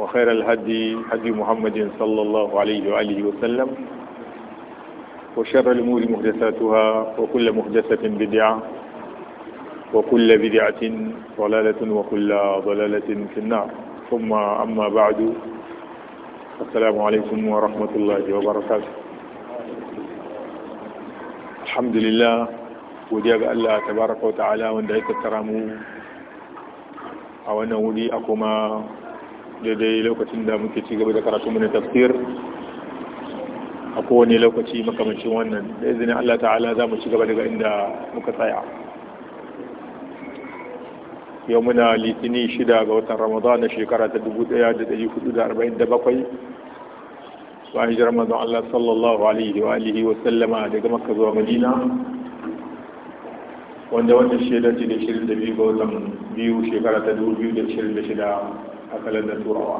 وخير الهدي هدي محمد صلى الله عليه وآله وسلم وشر الأمور محدثاتها وكل محدثة بدعة وكل بدعة ضلالة وكل ضلالة في النار ثم أما بعد السلام عليكم ورحمة الله وبركاته الحمد لله وجاب الله تبارك وتعالى وندعي الترامو أو أنه لي أقوم daidai lokacin da muke ci gaba da karatu na tafsir a kowane lokaci makamancin wannan da izinin Allah ta'ala za mu ci gaba daga inda muka tsaya yau muna litini shida ga watan ramadan na shekara ta 1447 bayan jiran mazan Allah sallallahu alaihi wa alihi wa sallama daga makka zuwa madina wanda wannan shaidar ce da biyu ga watan biyu shekara ta 2026 akalar da turawa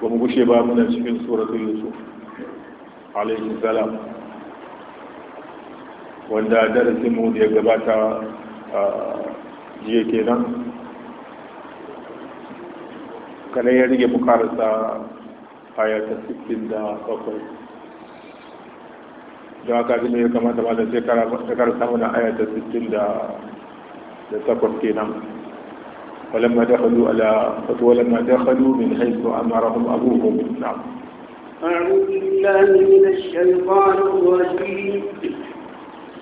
ba mu gushe ba nan cikin suratun yusuf alaihi salam wanda darasin mu da ya gabata a jiya kenan kanan ya rige cikin da 67 don haka ji ne ya kamata ba da shekara samun ayata 68 kenan ولما دخلوا على ولما دخلوا من حيث أمرهم أبوهم نعم أعوذ بالله من الشيطان الرجيم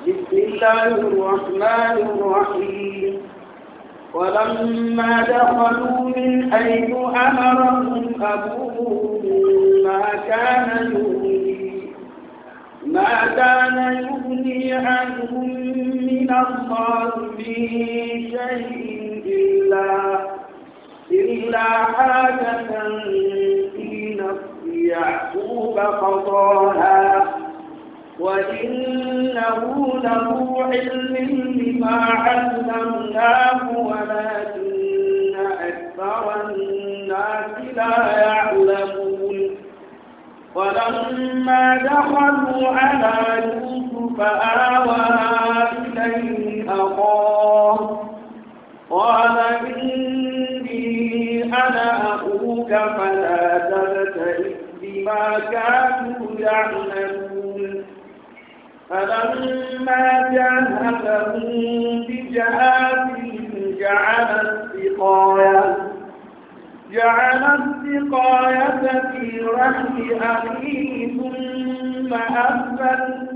بسم الله الرحمن الرحيم ولما دخلوا من حيث أمرهم أبوهم ما كان يغني ما كان يغني عنهم من الله من شيء إلا إلا حاجة في نفس يعقوب قضاها وإنه له علم لما علمناه ولكن أكثر الناس لا يعلمون ولما دخلوا على يوسف آوى إليه أخاه قال إني أنا أخوك فلا تبتئس بما كانوا يعملون فلما جهزهم بجهازهم جعل السقاية جعل السقاية في رحل أخيه ثم أذن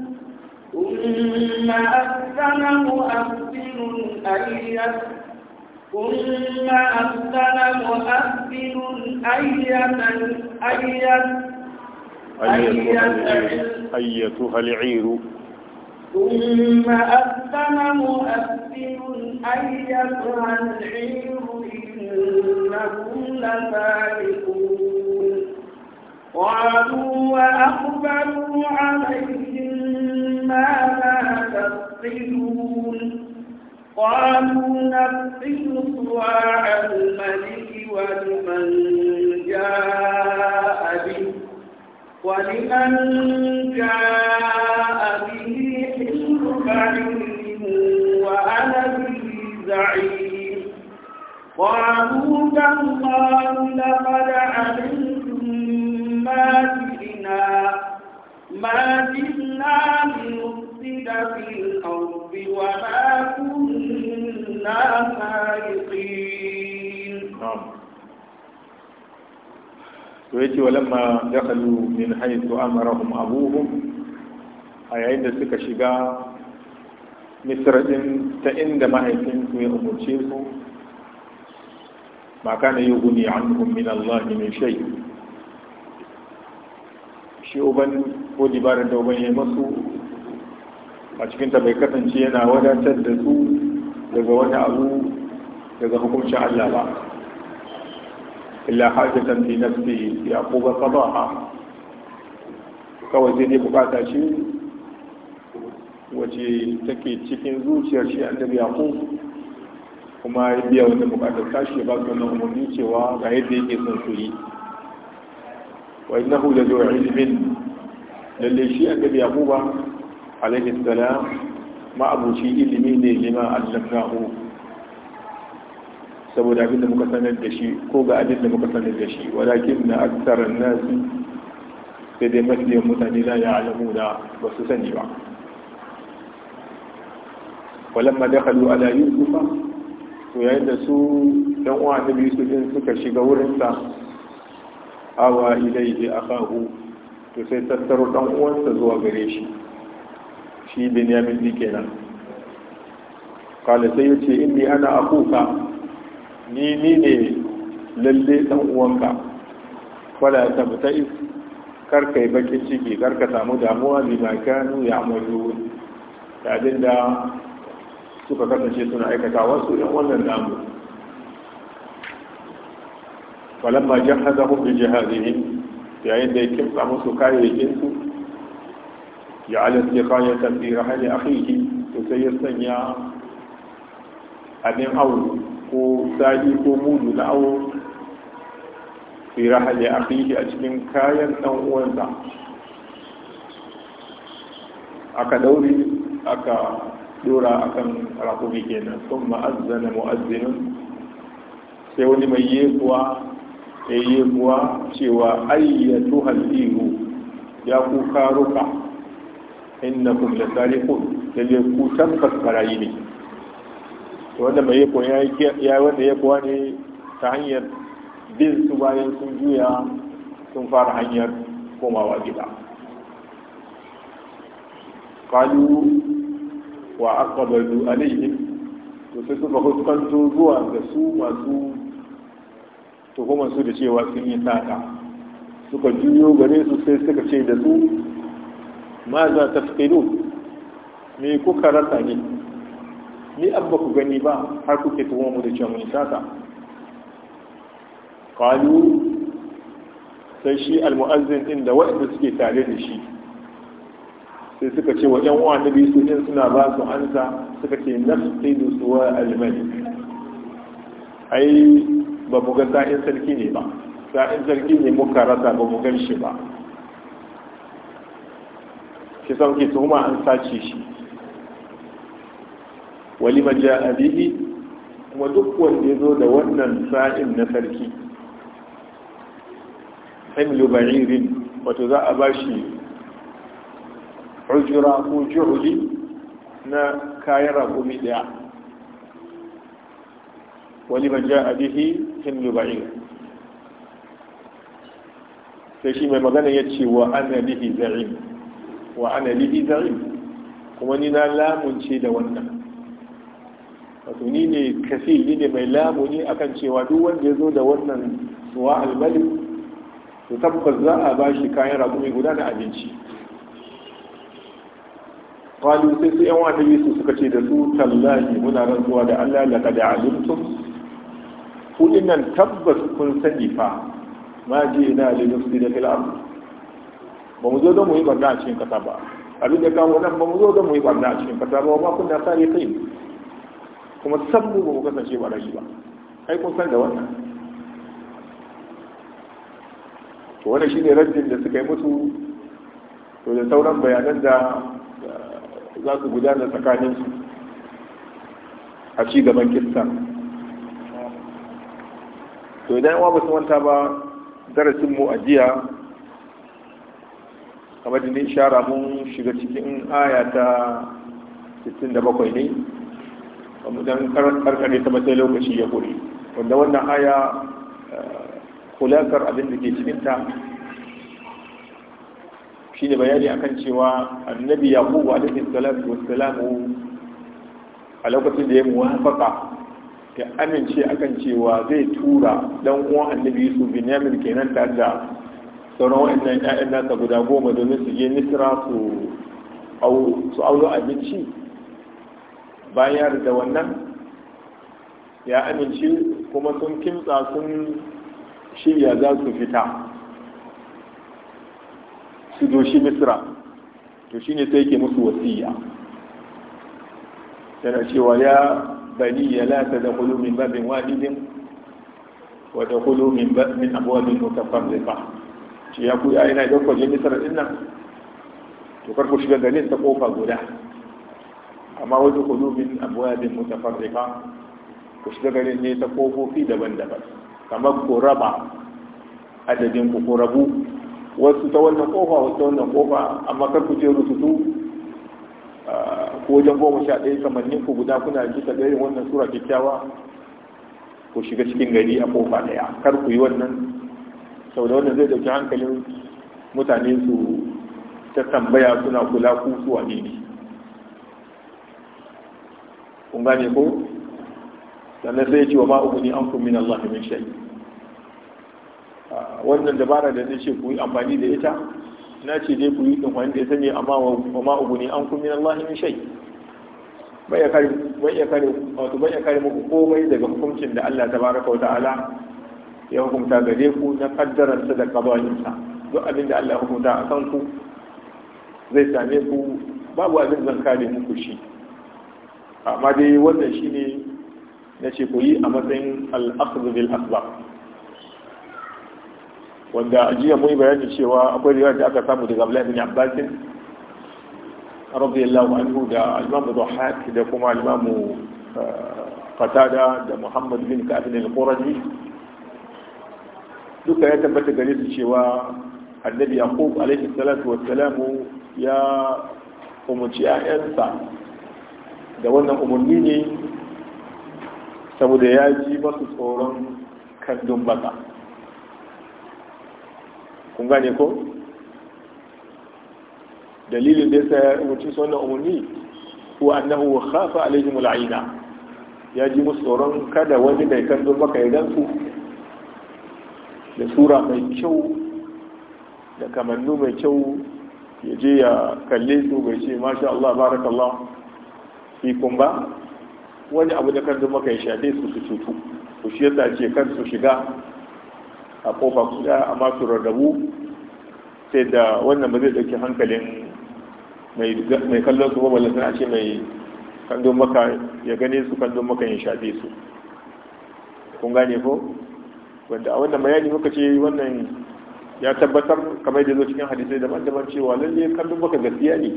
ثم أذن مؤذن يسقى ثم أمثل مؤذن أية, أية-, أية- أيتها العير ثم أذن مؤذن أيتها العير إنهم لفارقون قالوا وأقبلوا عليهم ماذا تفقدون قالوا نفسه صواع الملك ولمن جاء به ولمن جاء به حلم علم وأنا به زعيم قالوا تالله لقد علمتم ما جئنا ما جئنا منه أنزل في الأرض وما كنا خالقين نعم ولما دخلوا من حيث أمرهم أبوهم أي عند سكة شجاع مصر إن تأند ما يتم ما كان يغني عنهم من الله من شيء شيء أبن ودبار دوبن a cikinta bai kasance yana wadatar da su daga wani abu daga hukuncin Allah ba illa hajjatan fi nafsi yaqub ha kawai zai ne bukata shi wace take cikin zuciyar shi annabi yaqub kuma ya biya wata bukatar tashi ya ba su wannan umarni cewa ga yadda yake son su yi wa innahu la zu'ilmin lalle shi annabi ba? alaihi salam ma'abuci ilimi ne lima allafnahu saboda abinda muka sanar da shi ko ga abinda muka sanar da shi walakin na aksarar nasi sai dai yin mutane na ya alamu da ba sani ba walamma dakhalu ala yusufa to yayin da su dan uwa biyu su din suka shiga wurin sa awa ilayhi akahu to sai tattaro ɗan uwansa zuwa gare shi shi min ɗi kenan kala sai ya ce inni ana akuka ni ni ne lalle ɗan uwanka kala ta mutai kar kai bakin ciki kar ka samu damuwa bi ma ya amalu da suka kasance suna aikata wasu ɗan wannan namu falamma jahazahum bi jihadihim yayin da ya kimsa musu kayayyakin su جعل السقاية في رحل أخيه تسيسن sanya أدم أو ko sa'i ko mudu na awo fi hali akhihi a cikin kayan dan uwansa aka dauri aka dora akan rakubi kenan sun ma'azzana mu'azzinin sai wani mai yekuwa ya yekuwa cewa ayyatu halihu ya ku karuka innakum lasariqun lalle ku tabbas barayi ne to wanda mai yako ya ya wanda ya ne ta hanyar bin su bayan sun juya sun fara hanyar komawa gida qalu wa aqbalu alaihim to sai suka hukunta zuwa ga su masu tuhumar su da cewa sun yi sata suka juyo gare su sai suka ce da su ma za ta me kuka rasa ne ni abba ku gani ba har kuke tuwon mu da cewa mun sata qalu sai shi almu'azzin din da waɗanda suke tare da shi sai suka ce wa ƴan uwa biyu su suna ba su ansa suka ce nafsidu suwa almani ai ba mu ga sa'in sarki ne ba sa'in sarki ne muka rasa ba mu gan shi ba shi sauke su kuma an sace shi wali ma ja'a bihi kuma duk wanda ya zo da wannan sa'in na sarki hamilu ba'irin wato za a ba shi hujura ko juhuli na kayan rakumi daya wani maja ja a bihi himlu ba'in sai shi mai magana ya ce wa ana bihi za'in wa ana lihi kuma ni na lamunce da wannan wato ni ne kafi ni ne mai lamuni akan cewa duk wanda ya zo da wannan suwa almalik to tabbas za a ba shi kayan raƙumi guda da abinci qalu sai su yan wata su suka ce da su tallahi muna rantsuwa da Allah da alimtum kudin nan tabbas kun sani fa ma je na da nufsi da filamu ba mu zo don mu yi barna a cikin kasa ba abin da kawo nan ba mu zo don mu yi barna a cikin kasa ba ba kun da sa ne kai kuma sabbu ba mu kasance ba rashi ba ai kun san da wannan to wannan shine raddin da suka yi musu to da sauran bayanan da eh, za su gudana tsakanin su a ci gaban kissa to idan wa ba su wanta ba darasin mu a jiya kamar da shara mun shiga cikin aya ta 67 ne kamar dan karkare ta matsayin lokaci ya kure wanda wannan aya eh, kulakar abin da ke cikinta shi ne bayani akan cewa annabi da alaihi salatu wassalamu a lokacin da ya muwafaka ya amince akan cewa zai tura dan uwan annabi yusuf bin yamin kenan ta da sauran wa'annan 'ya'yan nasa guda goma domin su je nisira su auno abinci bayar da wannan ya amince kuma sun kimtsa sun shirya za su fita su doshi misira, to shine sai ke musu wasiya yana cewa ya bari ya lasa da min babin wahidin wa tadkhulu min babin zai ba. shi ya kuya yana idan kwaje misar din nan to karku shiga garin ta kofa guda amma wajen kudu min abuwa bin mutafarrika ku shiga garin ne ta kofofi daban-daban kamar ku raba adadin ku ku rabu wasu ta wannan kofa wasu ta wannan kofa amma kar ku je rututu ko wajen goma sha ɗaya kamannin ku guda kuna ji ta ɗaya wannan sura kyakkyawa ku shiga cikin gari a kofa ɗaya kar ku yi wannan sau da wannan zai dauki hankalin mutane su ta tambaya suna kula ku su wane ne kun gane ko sannan sai ce wa ma ne an kun min Allah min wannan dabara da zai ce ku yi amfani da ita na ce dai ku yi amfani da ya sani amma wa ma ne an kun min Allah min bai ya kare wato bai ya kare muku komai daga hukuncin da Allah Ta baraka wa ta'ala ya hukunta gare ku na kaddararsa da kabarinsa duk abin da Allah ya hukunta a kanku zai same ku babu abin zan kare muku shi amma dai wannan shi ne na ce ku yi a matsayin al'akhdhu bil asbab wanda ajiya jiya bayani cewa akwai riwaya da aka samu daga Abdullahi bin Abbas radiyallahu anhu da imam da kuma imam eh, Qatada da Muhammad bin Ka'ab bin al duka ya tabbata gare su cewa annabi yaqub alaihi salatu wassalamu ya umarci ƴaƴansa da wannan umarni ne saboda ya ji masu tsoron kandun baka kun gane ko dalilin da ya umarci su wannan umarni ko annahu khafa alaihim al'ina ya ji musu tsoron kada wani mai kandun baka ya su da sura mai kyau da kamannu mai kyau ya je ya kalle su bai ce masha Allah barakallah fikun ba wani abu da kan maka ya shafe su su cutu ku shi yasa ce kan su shiga a kofa kuda amma masu rarrabu sai da wannan ba zai ɗauki hankalin mai kallon su babban lantana ce mai maka ya gane su kandon maka ya shafe su kun gane ko wanda a wannan bayani muka ce wannan ya tabbatar kamar da zo cikin hadisai daban-daban cewa lalle kallon baka gaskiya ne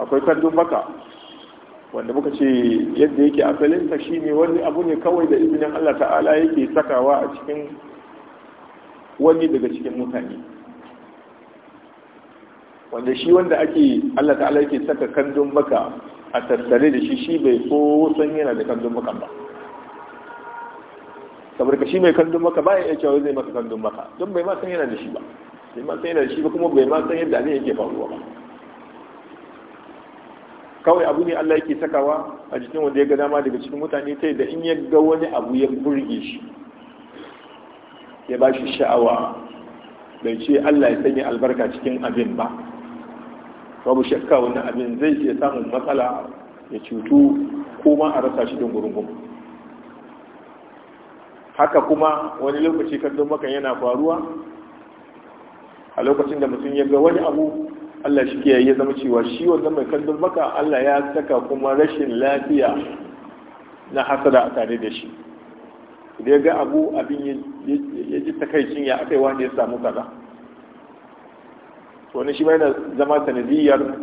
akwai kallon baka wanda muka ce yadda yake asalinsa shi ne wani abu ne kawai da izinin Allah ta'ala yake sakawa a cikin wani daga cikin mutane wanda shi wanda ake Allah ta'ala yake saka kandun baka a tattare da shi shi bai so san yana da kandun baka ba Ka shi mai kandun maka ba ya iya cewa zai maka kandun maka don bai ma yana da shi ba bai ma yana da shi ba kuma bai ma yadda ne yake faruwa ba kawai abu ne Allah yake sakawa a jikin wanda ya ga dama daga cikin mutane yi da in ya ga wani abu ya burge shi ya ba shi sha'awa bai ce Allah ya sanya albarka cikin abin ba babu shakka wannan abin zai iya samun matsala ya cutu ko ma a rasa shi don gurungun haka kuma wani lokaci kallon makan yana faruwa a lokacin da mutum ya ga wani abu Allah shi ke ya zama cewa shi wanda mai kallon maka Allah ya saka kuma rashin lafiya na hasada a tare da shi idan ya ga abu abin ya ji takaicin ya aka yi wani ya samu kaza wani shi mai zama sanadiyar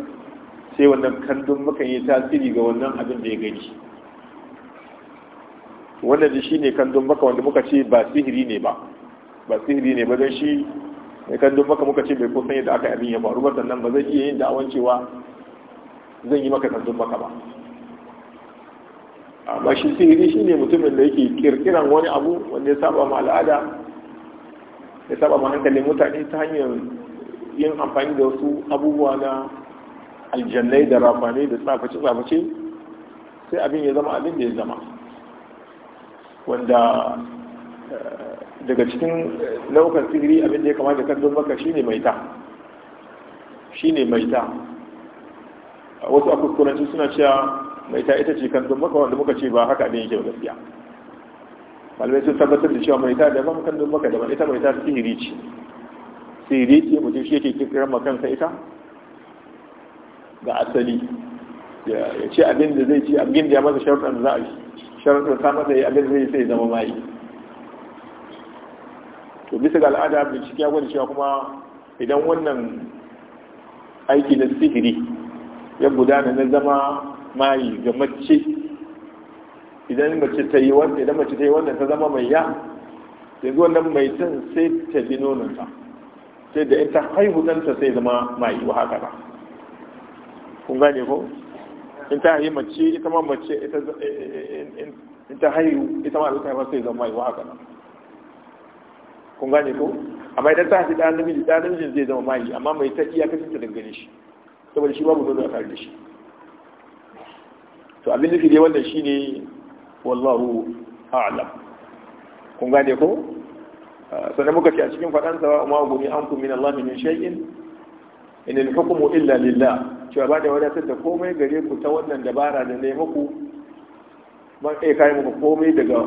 sai wannan kallon maka ya tasiri ga wannan abin da ya gani wanda da shi ne kandun baka wanda muka ce ba sihiri ne ba ba sihiri ne ba don shi ne kandun baka muka ce bai kusan yadda da aka abin ya faru ba sannan ba zai iya yin da'awan cewa zan yi maka kandun baka ba amma shi sihiri shi ne mutumin da yake kirkiran wani abu wanda ya saba ma al'ada ya saba ma hankalin mutane ta hanyar yin amfani da wasu abubuwa na aljannai da rafane da tsafaci-tsafaci sai abin ya zama abin da ya zama wanda eh, daga cikin laukar sigiri abin da ya kamata kan don maka shine maita shine maita wasu a suna cewa maita ita ce kan don maka wanda muka ce ba haka ne yake gaskiya malamai sun tabbatar da cewa maita daban kan don maka da ita maita sihiri ce sihiri ce mutum shi yake kiran makansa ita ga asali ya ce abin da zai ci abin da ya masa sharuɗan za a yi sharaɗin ta masa yi abin zai sai zama mai to bisa ga al'ada bincike ya gwada cewa kuma idan wannan aiki na sihiri ya gudana na zama mai ga mace idan mace ta yi wannan idan mace ta yi wannan ta zama mai ya yanzu wannan mai tun sai ta bi nononta sai da ita haihu ɗanta sai zama mai wa haka ba kun gane ko in ta haihu mace ita ma mace eh, eh, eh, in ta haihu ita ma ta haifa sai zama haihuwa haka kun gane ko amma idan ta haifi ɗan namiji ɗan namijin zai zama mahi amma mai ta iya kasin ta dangane shi saboda shi babu nono a tare da shi to abin nufi dai wannan shine wallahu a'lam kun gane ko ah, sannan muka ce a cikin faɗansa wa ma gumi an kun min Allah min shay'in in al-hukmu illa lillah cewa ba da wadatar da komai gare ku ta wannan dabara da ne muku ban kai kai muku komai daga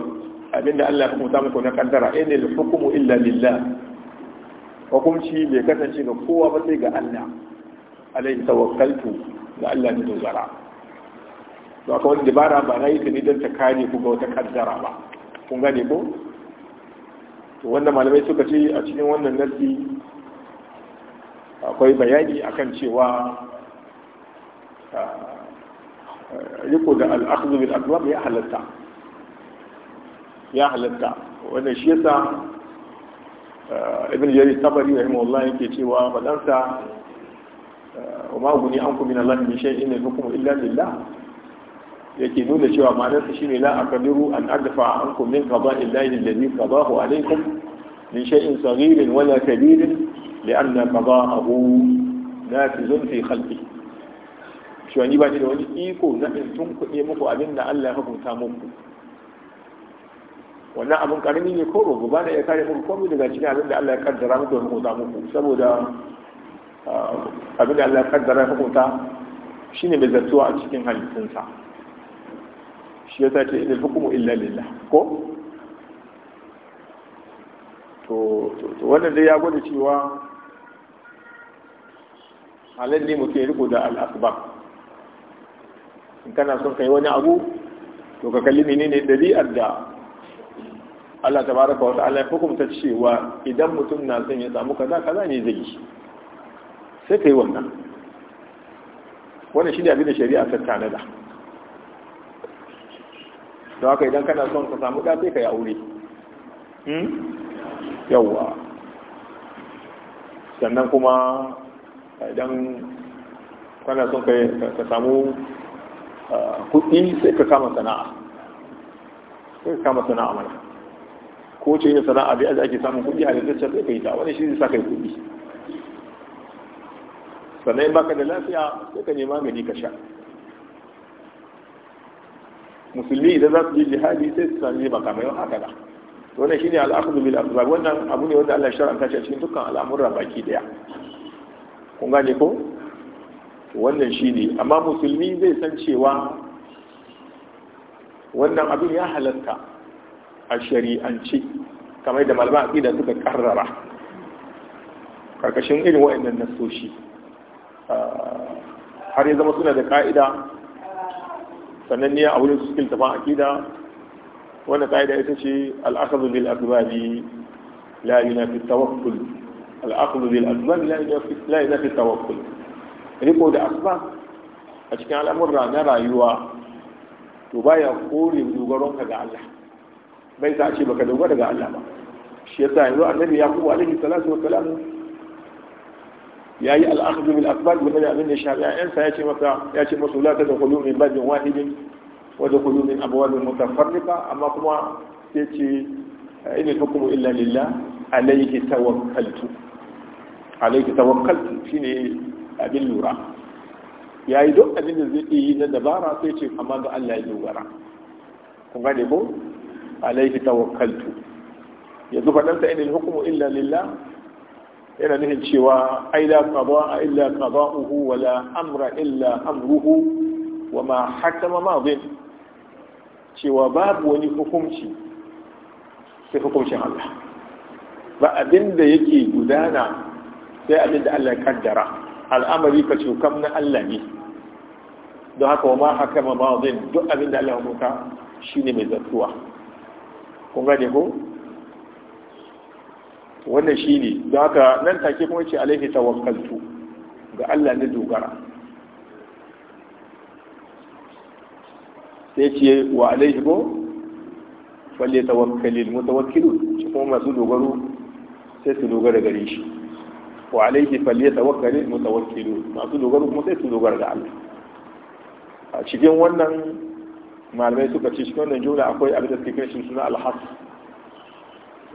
abinda Allah ya hukunta muku na kaddara inil hukmu illa lillah hukunci bai kasance ga kowa ba sai ga Allah alayhi tawakkaltu ga Allah ne dogara to akwai wani dabara ba na yi ta ne don ta kare ku ga wata kaddara ba kun gane ko to wanda malamai suka ce a cikin wannan nasi akwai bayani akan cewa آه، يقول الأخذ بالأقرب يا أهل التعب يا أهل التعب وأنا شيسا آه، ابن جرير الطبري رحمه الله كتي وبلانسا آه، وما اغني عنكم من الله من شيء إن الحكم إلا لله يكيدون شوى ما نفسي لا أقدر أن أدفع عنكم من قضاء الله الذي قضاه عليكم من شيء صغير ولا كبير لأن قضاءه نافذ في خلقه cewa ba ni da wani iko na in kuɗe muku abin da Allah ya hukunta muku wannan abin karami ne ko rogo ba da ya kare muku komai daga cikin abin da Allah ya kaddara muku ya hukunta muku saboda ah, abin da Allah ya kaddara ya hukunta ne mai zartuwa a cikin halittunsa shi ya ce ilil hukumu illa lillah ko to wannan dai ya gwada cewa halin ne mutum ya riko da al'asbab in kana son kai wani abu to ka kalli menene dabi'ar da Allah tabaraka wa ta'ala ya hukunta cewa idan mutum na son ya samu kaza kaza ne zai yi sai kai wannan wannan shine abin da shari'a ta tanada to haka idan kana son ka samu da sai ka yi aure hmm? yawwa sannan kuma idan kana son ka samu kuɗi sai ka kama sana'a sai ka kama sana'a mana ko ce yin sana'a bai aji ake samun kuɗi a lantarki sai ka yi ta wani shi zai sa yi kuɗi sannan in baka da lafiya sai ka nema gani ka sha musulmi idan za su yi jihadi sai su sami yau haka da wannan ne al'akhdhu bil asbab wannan abu ne wanda Allah ya shar'anta shi a cikin dukkan al'amuran baki daya kun gane ko wannan shi ne amma musulmi zai san cewa wannan abin ya halatta a shari'ance kamar da malaman aƙida suka karrara ƙarƙashin irin wa'annan nasoshi ah, har ya zama suna da ƙa'ida sannan ne a wurin su cikin aƙida wannan ƙa'ida ita ce al'akazu bil asbabi la yunafi tawakkul al'akazu bil asbabi la riko da asbab a cikin al'amurra na rayuwa to baya kore dogaronka ga Allah bai sa ce baka dogara ga Allah ba shi yasa yanzu annabi yaqub alaihi salatu wassalam yayi al-akhdhu bil asbab wa da annabi shafi'a yan sa yace masa yace masa la tadkhulu min babin wahidin wa tadkhulu min abwab mutafarriqa amma kuma yace in al-hukmu illa lillah alayhi tawakkaltu alayhi tawakkaltu shine abin lura ya yi don abin da zai yi na dabara sai ce amma ga Allah ya dogara kun gane ko alaihi tawakkaltu yanzu faɗan sa inil hukumu illa lillah yana nufin cewa ai la qada'a illa qada'uhu wa la amra illa amruhu wa ma hakama madin cewa babu wani hukunci sai hukuncin Allah ba abin da yake gudana sai abin da Allah ya kaddara al'amari ka cokam na Allah ne don haka wa ma haka ma ba'adin duk abin da Allah ya shi ne mai zartuwa kun gane ko wannan shi ne don haka nan take kuma ce alaihi tawakkaltu ga Allah ne dogara sai ce wa alaihi ko falle tawakkalil mutawakkilu shi kuma masu dogaro sai su dogara gare shi wa alaihi falyatawakkalul mutawakkilu masu dogaro kuma sai su dogara ga Allah a cikin wannan malamai suka ce cikin wannan jumla akwai abin da suke kira shi suna alhas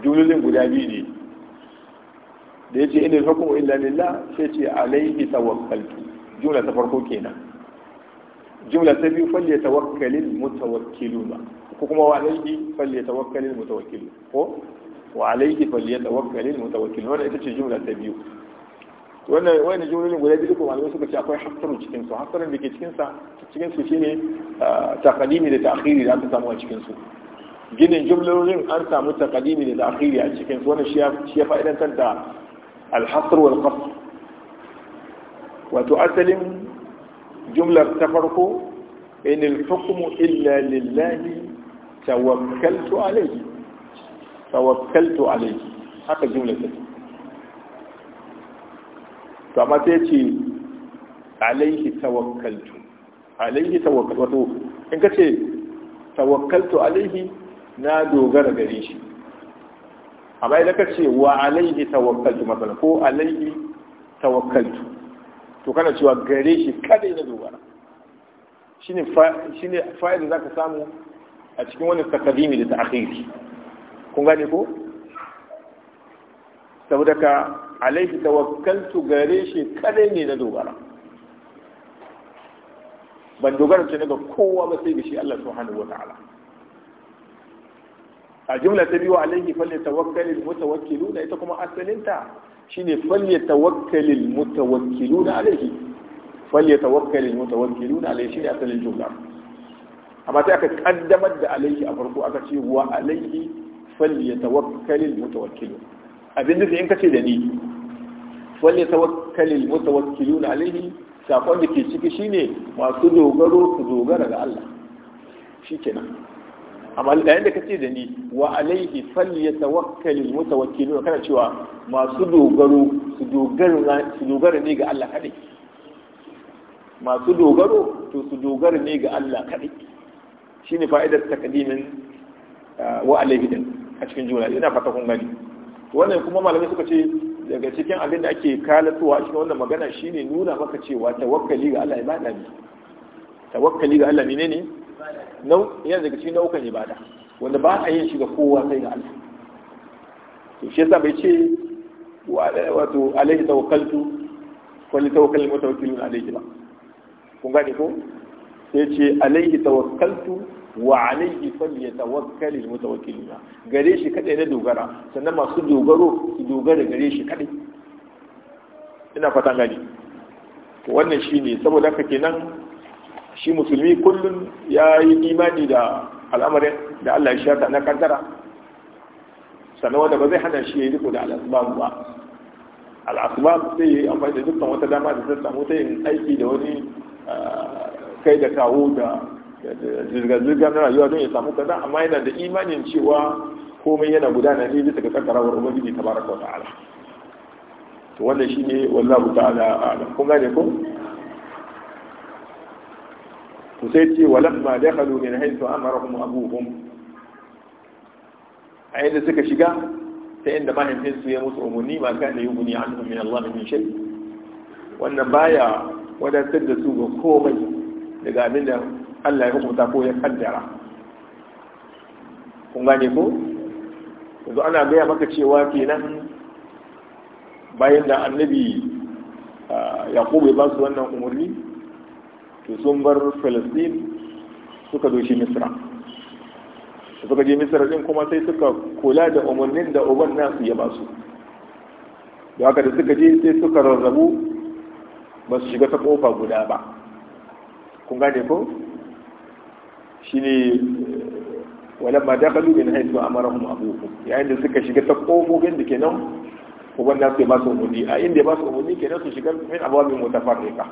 jumlolin guda biyu ne da yace inna ya hukmu illa lillah sai ce alaihi tawakkaltu jumla ta farko kenan jumla ta biyu falyatawakkalul mutawakkiluna ko kuma wa alaihi falyatawakkalul mutawakkilun ko wa alaihi falyatawakkalul mutawakkilun wannan ita ce jumla ta biyu wannan wannan jumlolin guda biyu ko malamai suka ce akwai hasarun cikin su da ke cikin sa cikin su shine ah, takadimi da ta'khiri da aka samu a cikin su ginin jumlolin an samu takadimi da ta'khiri a cikin su wannan shi ya fa'idantar da al-hasr wal qasr wato asalin jumlar ta farko in al illa lillahi tawakkaltu alayhi tawakkaltu alayhi haka jumlar ta to amma sai ce alaihi tawakkaltu alaihi tawakkaltu wato in ka ce tawakkaltu alaihi na dogara gare shi amma idan ka ce wa alaihi tawakkaltu masala ko alaihi tawakkaltu to kana cewa gare shi kada na dogara shine shine fa'ida zaka samu a cikin wani takadimi da ta'khiri kun gane ko saboda ka alaihi tawakkaltu gare shi kadai ne na dogara ban dogara ce daga kowa ba sai da shi Allah subhanahu wata'ala a jumla ta biyu alaihi falle tawakkalil mutawakkiluna ita kuma asalinta shine falle tawakkalil mutawakkiluna alaihi falle tawakkalil mutawakkiluna alaihi shine asalin jumla amma sai aka kaddamar da alaihi a farko aka ce wa alaihi falle tawakkalil mutawakkiluna abin da in kace da ni walle wakilu na alaihi sakon da ke ciki shine masu dogaro su dogara ga Allah Shi shikenan amma da yanda kace da ni wa alaihi falyatawakkalil mutawakkiluna kana cewa masu dogaro su dogara su dogara ne ga Allah kadai masu dogaro to su dogara ne ga Allah kadai shine fa'idar takdimin eh, wa alaihi din a cikin juna. ina fata kun gani wannan kuma malamai suka ce daga cikin abin da ake kalatuwa shi wannan magana shine nuna maka cewa tawakkali ga Allah ibada ne tawakkali ga Allah menene nau yana daga cikin nau'ukan ibada wanda ba a yin shi ga kowa sai ga Allah to shi yasa bai ce wato alaihi tawakkaltu wani tawakkalin mutawakkilun alaihi ba kun gane ko sai ce alaihi tawakkaltu wa alayhi falyatawakkal almutawakkilun gare shi kadai na dogara sannan masu dogaro su dogara gare shi kadai ina fatan gani wannan shine saboda haka kenan shi musulmi kullum ya yi imani da al'amarin da Allah ya shata na kaddara sannan wanda ba zai hana shi ya yi riko da al'asbab ba al'asbab sai ya yi amfani da dukkan wata dama da ta samu ta yin aiki da wani eh, kai da kawo da zirga-zirga na rayuwa don ya samu kaza amma yana da imanin cewa komai yana gudana ne bisa ga kaddarawar ubangiji tabaraka wa ta'ala to wannan shine wallahu ta'ala alam kun gane ko Ku sai ce walamma dakhalu min haythu amarahum abuhum a yadda suka shiga ta inda mahaifinsu ya musu umarni ma kana yughni anhum min Allah min shay wannan baya wadatar da su ga komai daga abin da Allah ya hukunta ko ya kaddara kun gane ko yanzu ana gaya maka cewa kenan bayan da annabi yakubu ya basu wannan umarni to sun bar falastin suka doshi misra suka je misra din kuma sai suka kula da umarnin da uban nasu ya ba da haka da suka je sai suka rarrabu ba su shiga ta kofa guda ba kun gane ko shine walamma a min haythu amarahum abuhum yayin da suka shiga ta kofofin da kenan uban da suke ba su umarni a inda ba su umarni kenan su shiga min abawabin mutafarriqa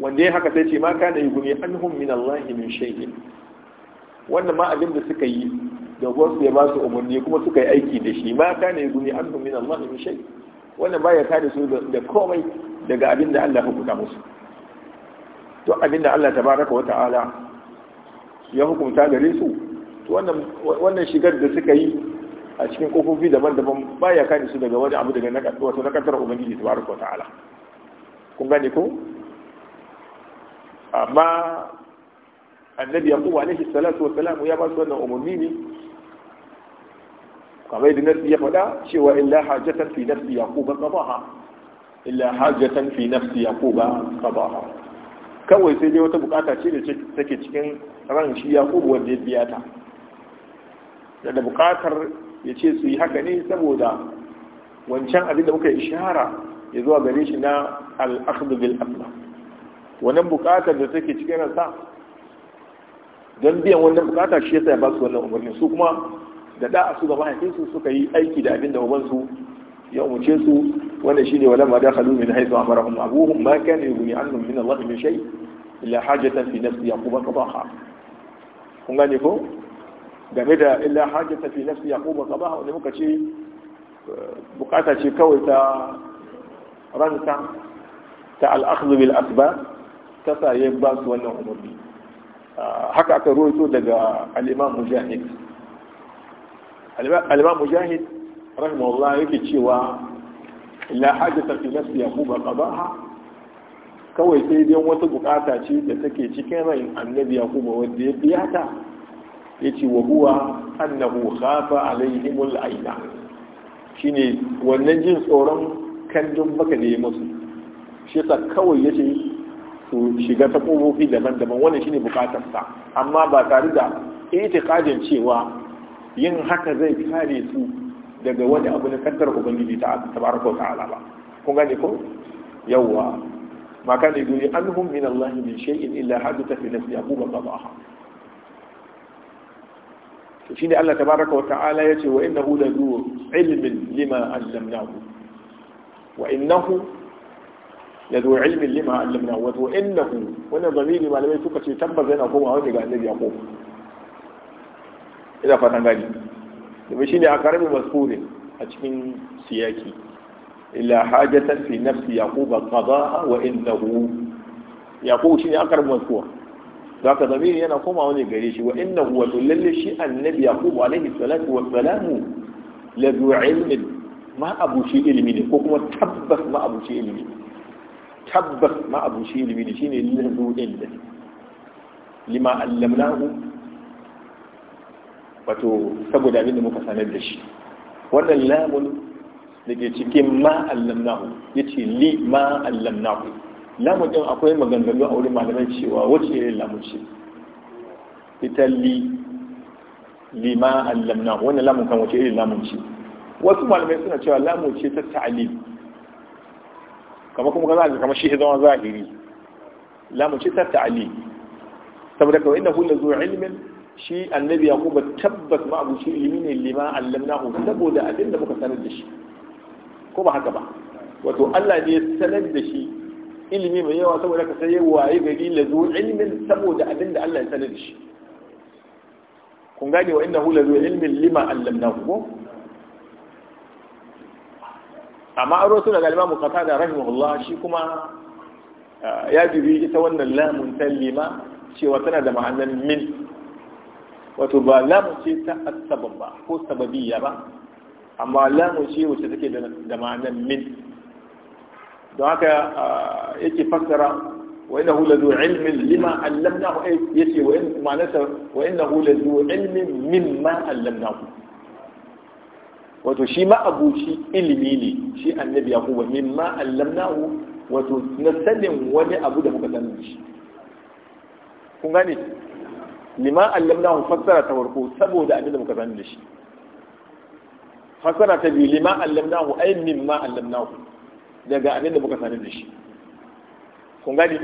wanda ya haka sai ce ma kana gumi anhum min Allah min shay'in wannan ma abin da suka yi da uban su ya ba su umarni kuma suka yi aiki da shi ma kana gumi anhum min Allah min shay'in wannan ya kada su da komai daga abin da Allah ya musu duk abinda Allah tabaraka wa ta'ala ya hukunta gare su wannan shigar da suka yi a cikin kofofi daban-daban baya kare su daga wani abu daga wato na kantar ubangiji tabaraka wa ta'ala kun gane ko amma annabi yaqub alaihi salatu wa salam ya ba su wannan umumi ne kamar da nasi ya faɗa cewa illa hajatan fi nafsi yaquba qadaha illa hajatan fi nafsi yaquba qadaha kawai sai dai wata bukata ce da take cikin ran shi ya yakubu wanda ya biya ta da bukatar ya ce su yi haka ne saboda wancan abin da muka yi shahara ya zuwa gare shi na al'akhdhu bil wannan bukatar da take cikin ransa don biyan wannan bukata shi sa ya ba su wannan umarni su kuma da da'a su ga mahaifinsu suka yi aiki da abin da ubansu ya umarce su wannan shine wala ma dakhalu min haythu amarahum abuhum ma ne yughni anhum min Allah min shay illa hajatan fi nafsi ka qadaha kun gane ko game da illa hajatan fi nafsi yaquba qadaha wanda muka ce bukata ce kawai ta ranta ta al-akhdh bil asbab ta saye ba su wannan umarni haka aka ruwaito daga al mujahid al mujahid rahimahullah yake cewa la hajjata fi nafsi yaquba qadaha kawai sai dai wata bukata ce da take cikin rai annabi yaquba wanda ya biya ta yace wa huwa annahu khafa alaihim al-aina shine wannan jin tsoron kallon baka da musu shi yasa kawai yace su shiga ta kofofi daban-daban wannan shine bukatarsa amma ba tare da itikadin cewa yin haka zai kare su daga wani abu na kaddar ubangiji ta tabaraka wa ta'ala ba kun gane ko yawwa ma kana yuri anhum min Allah min shay'in illa hadatha fi nafsi aquba qadaha shine Allah tabaraka wa ta'ala yace wa innahu la zu ilmin lima allamnahu wa innahu la zu ilmin lima allamnahu wa innahu wannan zamiri malamai suka ce tabbas yana komawa daga annabi yaqub ina fatan gani shi ne a karamin masfurin a cikin siyaki illa hajatan fi nafsi yaquba qadaha wa innahu yaqub shine akar mazkur zaka zamiri yana komawa ne gare shi wa innahu wa lalle shi annabi yaqub alaihi salatu wa salamu la du ilmin ma abushi ilmi ne ko kuma tabbas ma abushi ilmi tabbas ma abushi ilmi ne shine la du ilmin lima allamnahu wato saboda abin da muka sanar da shi wannan lamun da ke cikin nahu, ya ce li ma nahu. lamun ɗin akwai maganganu a wurin malaman cewa wace irin lamun ce ita li li ma allamnahu wannan lamun kan wace irin lamun ce wasu malamai suna cewa lamun ce ta ta'lim kamar kuma kaza kamar shi zama zahiri lamun ce ta ta'lim saboda kawai innahu la zuwa ilmin shi annabi yakuba tabbas ma abu ilimi ne lima allamnahu saboda abin da muka sanar da shi ko ba haka ba wato Allah ne ya sanar da shi ilimi mai yawa saboda ka sai waye gari la zu ilmin saboda abin da Allah ya sanar da shi kun gane wa innahu la zu ilmin lima allamnahu ko amma an suna galiba mu kasa da rahimahullah shi kuma ah, ya bibi ita wannan lamun ta lima cewa tana da ma'anar min wato ba lamu ce ta asabab ba ko sababiyya ba amma lamu ce wacce take da ma'anar min don haka yake fassara wa hula lazu ilmin lima allamnahu ay eh, yace wa in ma'anarsa wa innahu lazu ilmin mimma allamnahu wato shi ma abuci ilimi ne shi annabi yaquba mimma allamnahu wato na sanin wani abu da muka sanin shi kun gane lima allamnahu fassara ta farko saboda abin da muka sani da shi fassara ta biyu lima allamnahu ay mimma allamnahu daga abin da muka sani da shi kun gani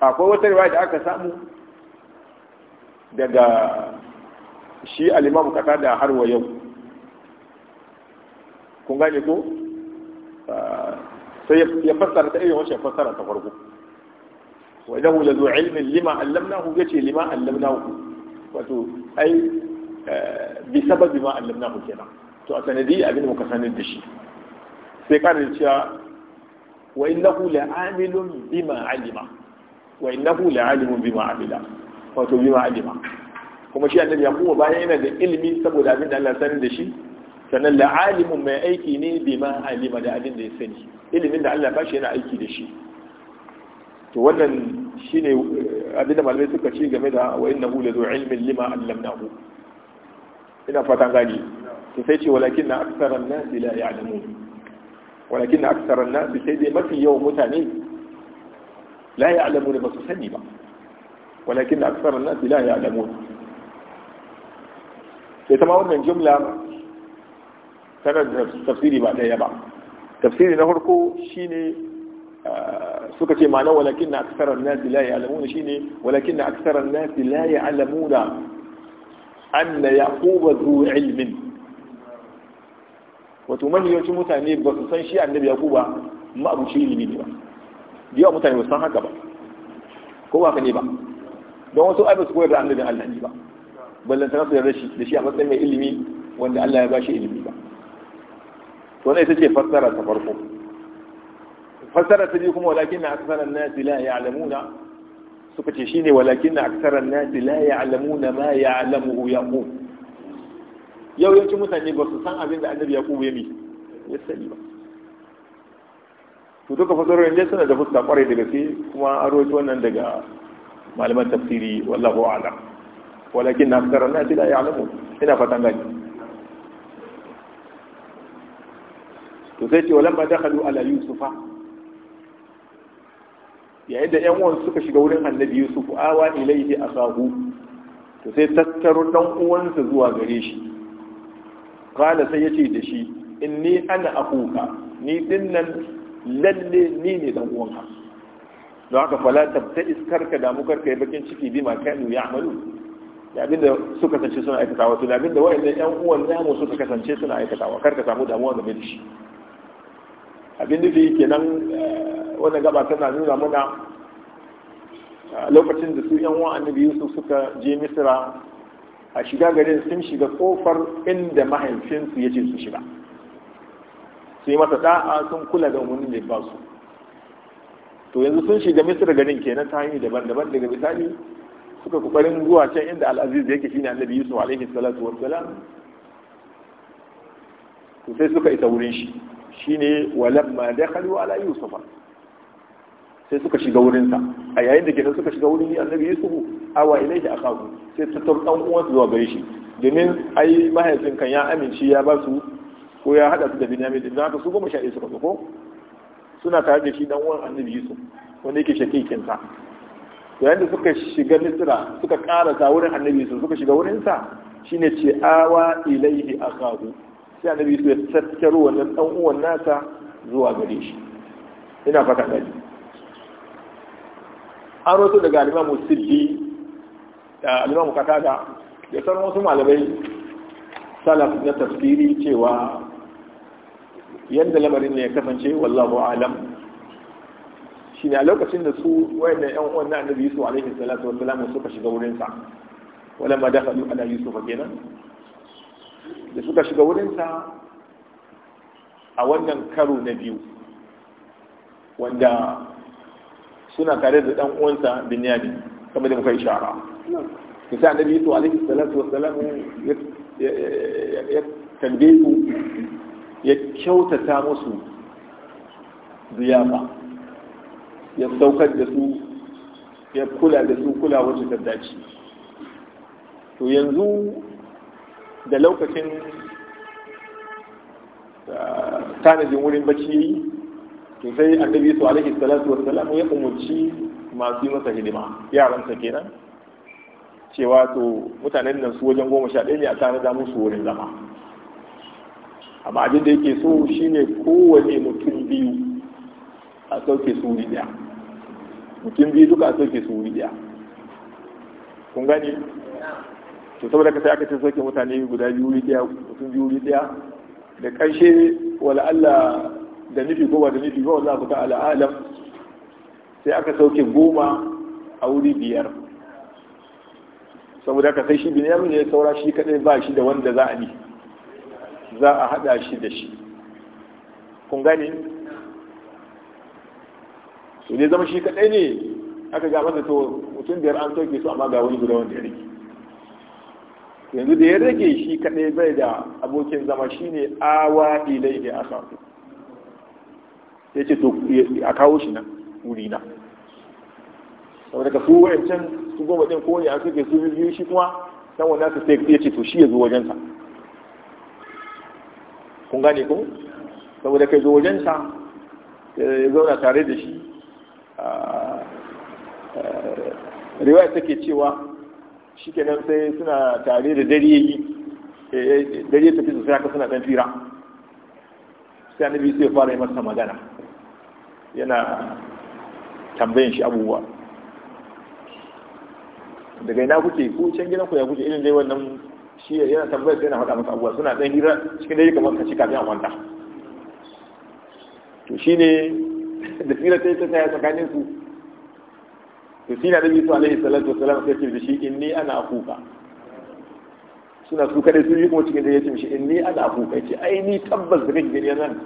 akwai wata riwaya da aka samu daga shi alimamu kasa da har wa yau kun gane ko ah, sai ya fassara ta irin wacce fassara ta farko wa lahu la zu ilmin lima allamnahu yace lima allamnahu wato ai eh, bi sababi ma allamnahu kenan to a sanadi abin muka sanar da shi sai kana da cewa wa innahu la'amilun bima alima wa innahu la'alimun bima amila wato bima alima kuma shi annabi yakubu bayan yana da ilimi saboda abin da Allah sanar da shi sannan la'alimun mai aiki ne bima alima da abin da ya sani ilimin da Allah ba shi yana aiki da shi to wannan shine eh, abinda malamai suka ci game da wa innahu la ilmin lima allamnahu ina fatan gani to sai ce walakin na aksaran nasi la ya'lamun walakin na aksaran nasi sai dai mafi yawan mutane la ya'lamun ba su sani ba walakin na aksaran nasi la ya'lamun sai ta wannan jumla tana da tafsiri ba ɗaya ba tafsiri na farko shine suka ce ma'ana walakin na aksarar nasi alamuna shi shine walakin na aksarar nasi alamuna. ya'lamuna anna yaquba zuwa ilmin wato mahiyocin mutane ba su san shi annabi yaquba ma'abuci ilimi ne ba yawa mutane ba san haka ba ko ba ka ne ba don wasu abin su koyar da annabin Allah ne ba ballan sana su yarda shi da shi a matsayin mai ilimi wanda Allah ya ba shi ilimi ba wannan ita ce fassara ta farko fassara ta biyu kuma walakin na aksaran nasi la ya'lamuna suka ce shi ne walakin na aksaran nasi la ya'lamuna ma ya ya'lamuhu yaqub yau yawancin mutane ba su san abin da annabi yaqub ya mi ya sani ba Su duka fasarorin dai suna da fuska kwarai daga gaske kuma an rawaito wannan daga malaman tafsiri wallahu a'lam walakin na aksaran nasi la alamu ina fatan gani to sai ce walamma dakhalu ala yusufa yayin da yan uwan suka shiga wurin annabi yusuf awa ilaihi asahu to sai tattaro dan uwansa zuwa gare shi kala sai yace da shi inni ana akuka ni dinnan lalle ni ne dan uwanka don haka fala tabta iskarka da mukar kai bakin ciki ma kanu ya'malu da abinda suka kasance suna aikatawa to da abinda wayannan yan uwan namu suka kasance suna aikatawa karka samu damuwa game da shi abin nufi kenan eh, wannan gaba tana nuna mana eh, lokacin da su yan da yusuf suka je misira a shiga garin sun shiga kofar inda mahaifinsu ya ce su shiga su yi masa da'a sun kula da umarnin da ya ba su to yanzu sun shiga misira garin kenan ta hanyar daban-daban daga misali suka kubarin zuwa can inda al'aziz yake shine annabi yusuf alaihi salatu wassalam to sai suka isa wurin shi shine walamma dakhalu ala yusuf sai suka shiga wurinsa a yayin da kenan suka shiga wurin annabi yusufu awa ilaihi akahu sai ta tar dan uwan zuwa gare shi domin ai mahaifin kan ya amince ya ba su ko ya hada su da binyamin din zaka su goma sha ɗaya suka ko suna tare da shi dan uwan annabi yusuf wanda yake shakikin sa yayin da suka shiga misra suka karasa wurin annabi yusuf suka shiga wurin sa shine ce awa ilaihi akahu sai annabi su ya tattaro wannan dan uwan nasa zuwa gare shi ina fata gani an roto daga alimamu Sibbi da alimamu katada da sauran wasu malamai salaf na tafsiri cewa yadda lamarin ne ya kasance wallahu alam shi ne a lokacin da su wayannan yan uwan na annabi yusuf alaihi salatu wassalam suka shiga wurin sa wala ma dakhalu ala yusuf kenan da suka shiga wurinsa a wannan karo na biyu wanda suna tare da dan uwansa binyami kamar da muka shara. Ki sa annabi to alaihi salatu wassalam ya tambaye su ya kyautata musu ziyafa ya saukar da su ya kula da su kula wacce ta dace to yanzu da lokacin tanajin wurin bacci yi to sai annabi su alaihi salatu wa salam ya umarci masu yi masa hidima yaransa kenan cewa to mutanen nan su wajen goma sha ɗaya ne a tanada musu wurin zama amma abin da yake so shine kowane mutum biyu a sauke su wuri ɗaya mutum biyu duka a sauke su wuri ɗaya kun gani to saboda ka sai aka ce soke mutane guda biyu wuri daya mutum biyu wuri daya da ƙarshe wala Allah da nufi goma da nufi ba wala Allah ta'ala alam sai aka soke goma a wuri biyar saboda ka sai shi binyamin ya saura shi kadai ba shi da wanda za a yi za a hada shi da shi kun gane su ne zama shi kadai ne aka ga masa to mutum biyar an soke su amma ga wani guda wanda ya rike yanzu da ya rage shi kadai bai da abokin zama shine awa ilai da aka ya ce to a kawo shi nan wuri na saboda ka su wayancan su goma ɗin kowane an suke su biyu shi kuma san wannan su sai ya ce to shi ya zo wajensa kun gane ku? saboda ka zo wajensa ya zauna tare da shi ah, eh, riwaya take cewa shikenan sai suna tare da dare yi eh, dare tafi su sai suna dan fira sai annabi sai fara yi masa magana yana tambayin shi abubuwa daga ina kuke ku can gidan ku ya kuke irin dai wannan shi yana tambayar sai yana faɗa masa abubuwa suna dan hira cikin dare kamar kashi kafin a kwanta to shine da tsira ta yi ta tsaya tsakanin su to shi na da Yusuf alaihi salatu wasalam sai ce da shi inni ana akuka suna su kadai sun yi kuma cikin da ya ce mishi inni ana akuka ce ai ni tabbas da kake gani nan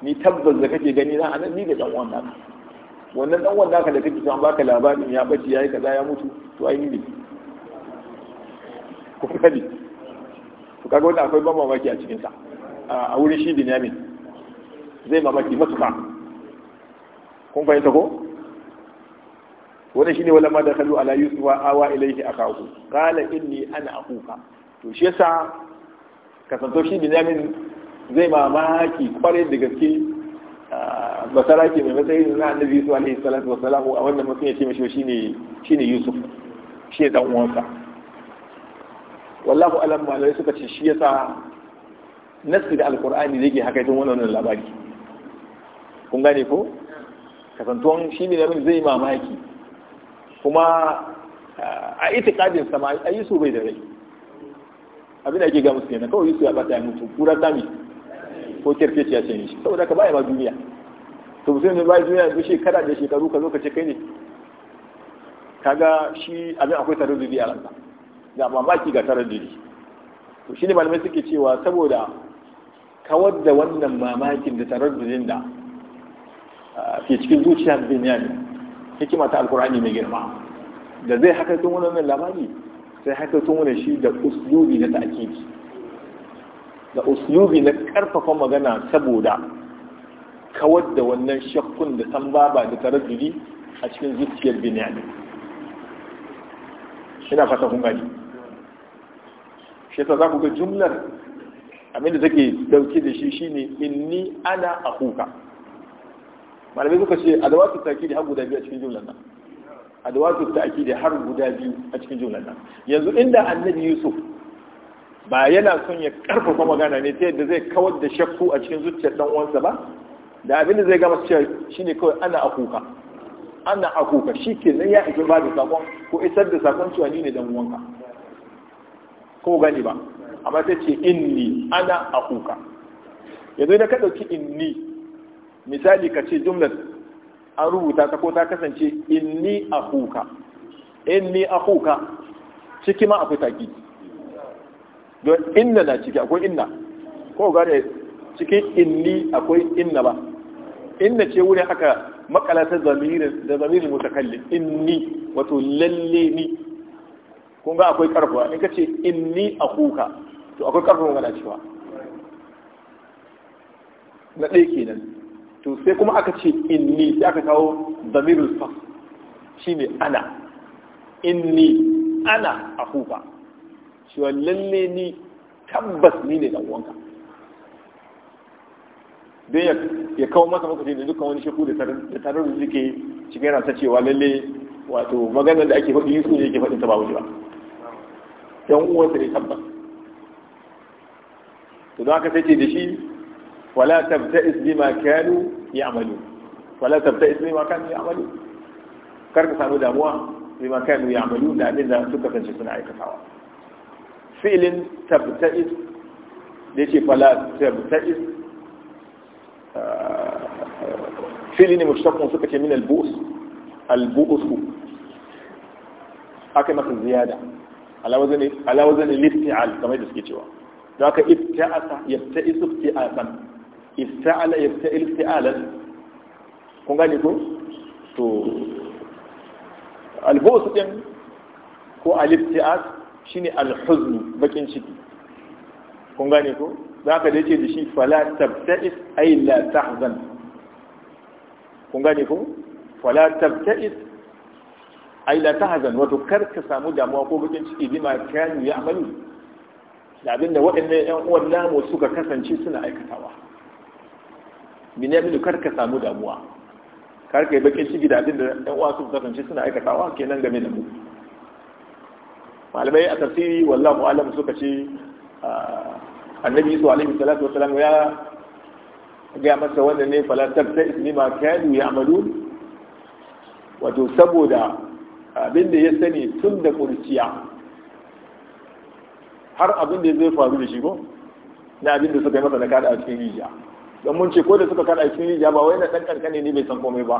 ni tabbas da kake gani nan anan ni da dan uwan naka wannan dan uwan naka da kake so an baka labarin ya bace yayi kaza ya mutu to ai ni ne ku kadi to kaga wannan akwai ban mamaki a cikin sa a wurin shi Binyamin zai mamaki matuka kun fahimta ko wannan shine wala ma da kalu ala yusuf wa awa ilayhi akahu qala inni ana akuka to shi yasa kasanto shi binyamin zai mamaki kwarai da gaske basara ke mai matsayin na annabi yusuf alaihi salatu wa salamu a wannan matsayin ya ce mishi shine shine yusuf shi dan uwansa wallahu alam malai suka ce shi yasa nasi da alqur'ani zai ke haka tun wannan labari kun gane ko kasantuwan shi ne zai mamaki kuma eh, a itikadin sama a su bai da rai abin da ake ga musu kenan kawai su ya bata ya mutu kura sami ko kirkir ya ce shi. saboda ka baya ma duniya to musulun ne baya duniya duk shekara da shekaru ka zo ka ce kai ne kaga shi abin akwai taraddudi a ranka da mamaki ga taraddudi to shi ne malamai suke cewa saboda kawar da wannan mamakin da taraddudin da eh, ke cikin zuciya bin yamin hikima ta alkur'ani mai girma da zai haka tun wani labari sai haka tun wani shi da uslubi na ta'akidi da uslubi na karfafa magana saboda kawar da wannan shakkun da tambaba da taraddudi a cikin zuciyar binyamin ina fata kun gani za ku ga jumlar abinda take dauke da shi shine inni ana a kuka malamai suka ce adawatu ta'kidi har guda biyu a cikin jumlar nan adawatu ta'kidi har guda biyu a cikin jumlar nan yanzu inda annabi yusuf ba yana son ya karfafa magana ne ta yadda zai kawar da shakku a cikin zuciyar dan uwansa ba da abin da zai gama cewa shine kawai ana akuka ana akuka shikenan ya isa ba da sakon ko isar da sakon cewa ni ne dan uwanka ko gani ba amma sai ce inni ana akuka yanzu da ka dauki inni misali ka ce jumlar an rubuta ta ko ta kasance inni akuka inni akuka ciki ma akwai taki don inna na ciki akwai inna ko gane ciki inni akwai inna ba inna ce wuri aka makalata zamirin da zamirin mutakalli inni wato lalle ni kun ga akwai karfa in ka ce inni akuka to akwai karfa gana cewa na ɗaya kenan to sai kuma aka ce inni sai aka kawo damirul fas shine ana inni ana akuka cewa lalle ni tabbas ni ne dan uwanka dai ya kawo masa lokaci da dukkan wani sheku da tarar da suke cikin yana ta cewa lalle wato maganar da ake faɗi yusuf ne ke faɗin ta ba wuce ba yan uwansa ne tabbas to don aka sai ce da shi wala tabta'is bima kanu ya'malu wala tabta'is bima kanu ya'malu kar ka samu damuwa bima kanu ya'malu da abin da suka kasance suna aikatawa fi'lin tabta'is da yake fala tabta'is fi'li ne mushtaqun suka ce min al-bu's al-bu's akai masa ziyada ala wazani ala wazani al kamar da suke cewa da aka ibta'asa yabta'isu ibta'asan ifta'ala ifta'il ifta'alan kun gane ko to albos din ko alifti'as shine alhuzn bakin ciki kun gane ko zaka da yace da shi fala tabta'is ay la tahzan kun gane ko fala tabta'is ay la tahzan wato kar ka samu damuwa ko bakin ciki bima kanu amalu da abinda waɗannan ƴan uwan namu suka kasance suna aikatawa binyamin kar ka samu damuwa kar ka yi bakin ciki da abin da ɗan wasu sun kasance suna aikatawa kenan game da mu malamai a tafsiri wallahu alam suka ce annabi su alaihi salatu wasalam ya ga masa wanda ne falatar ta islima kanu ya amalu wato saboda abin da ya sani tun da kurciya har abin da zai faru da shi ko na abin da suka yi masa na kada a cikin rijiya don mun ce ko da suka kada cikin rijiya ba wai na dan kankane ne bai san komai ba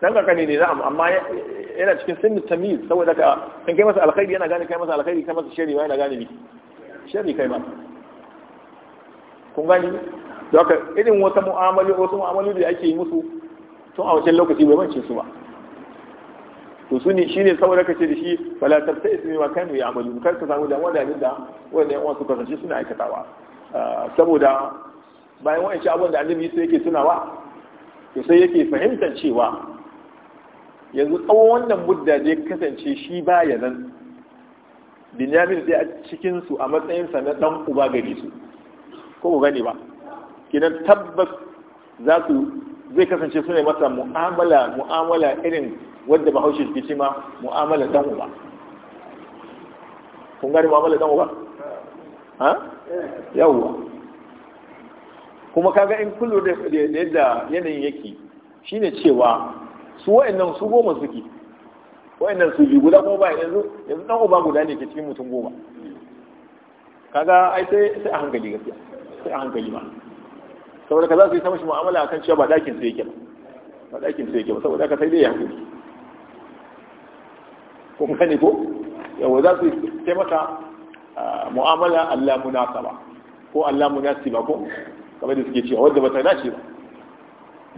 dan kankane ne na'am amma yana cikin sinni tamiz saboda ka kan kai masa alkhairi yana gane kai masa alkhairi kai masa shari yana gane ni shari kai ba. kun gani don haka irin wata mu'amali wasu mu'amaloli da ake yi musu tun a wancan lokaci bai mance su ba to su ne shine saboda ce da shi fala tabta ismi wa kanu amalu kar ka samu damuwa da abinda wanda yan uwa suka kasance suna aikatawa ah, saboda bayan wa'anci abin da annabi sai yake tunawa to sai yake fahimtar cewa yanzu tsawon wannan mudda da ya kasance shi baya nan binyamin sai a cikin su a matsayin sa na dan uba gare su ko ku gane ba kinan tabbas za su zai kasance su ne masa mu'amala mu'amala irin wadda ba haushe ce ma mu'amala dan uba kun gane mu'amala dan uba ha yawwa kuma kaga in kullu da yadda yanayin yake shine cewa su wa'annan su goma suke wa'annan su guda kuma ba yanzu yanzu dan uba guda ne ke cikin mutum goma kaga ai sai sai a hankali gaskiya sai a hankali ma saboda ka za su yi ta mashi mu'amala akan cewa ba dakin sai yake ba ba dakin sai yake ba saboda ka sai dai ya hakuri kun gane ko yawa za su taimaka ta mata ah, mu'amala Allah munasaba ko Allah munasiba ko kamar da suke cewa wadda bata dace ba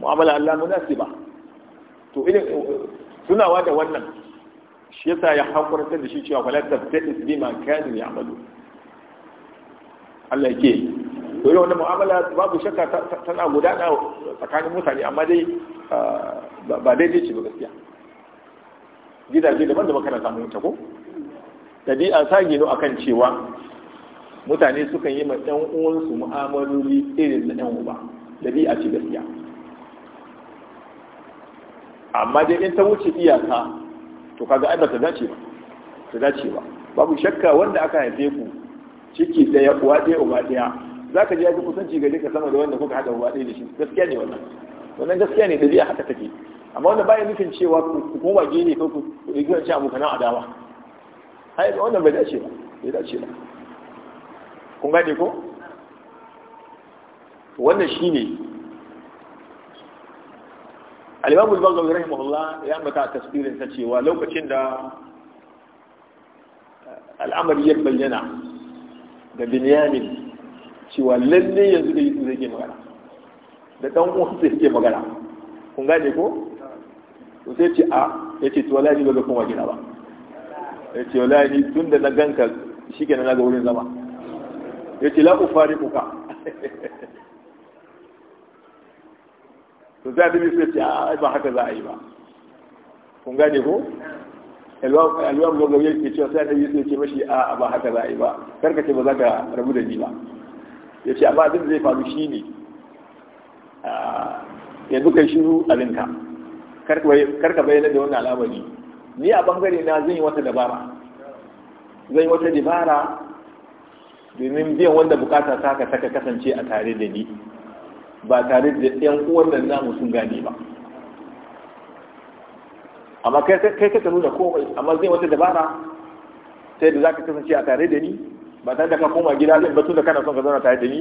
mu'amala Allah mu dace ba to idan tunawa da wannan shi yasa ya hankurta da shi cewa fala ma bima kanu ya'malu Allah yake to irin wannan mu'amala babu shakka tana gudana tsakanin mutane amma dai ah, ba daidai ce ba gaskiya gidaje daban da makana samu ta ko dabi'a sa gino akan cewa mutane sukan yi ma ɗan uwansu mu'amaloli irin na ɗan uba ɗabi'a ce gaskiya amma dai in ta wuce iyaka to kaga ai ba ta dace ba ta dace ba babu shakka wanda aka haife ku ciki ɗaya uwa ɗaya uba ɗaya za ka ji ya kusanci gari ka sama da wanda kuka haɗa uba ɗaya da shi gaskiya ne wannan wannan gaskiya ne ɗabi'a haka take amma wanda baya nufin cewa ku koma ne ko ku rigiyar ci abokanan adawa ai wannan bai dace ba bai dace ba kun gane ko wannan shi ne. alibabu imam al-baghawi allah ya ambata a tasirin ta cewa lokacin da eh, al'amari ya bayyana da binyamin cewa lalle yanzu da yi zai magana da dan sai yake magana kun gane ko to sai ce ah, a ce to wallahi ba ga koma gina ba Ya yace wallahi tun da na ganka shikenan na ga wurin zama ya ce la ufari kuka to sai da sai ce a ah, ba haka za a yi ba kun gane ko alwam gaggawa ke cewa sai da bisa ce mashi a ah, ba haka za a yi ba karka ce ba za ka rabu da ni ba ya ce amma abin zai faru shi ne ah, yanzu kai shiru abinka karka bayyana da wannan al'amari ni a bangare na zai yi wata dabara Zai yi wata dabara domin biyan wanda bukata ta ka saka kasance a tare da ni ba tare da yan uwan nan namu sun gane ba amma kai kai ka nuna komai amma zai wata dabara sai da zaka kasance a tare da ni ba tare da ka koma gida zai batu da kana son ka zauna tare da ni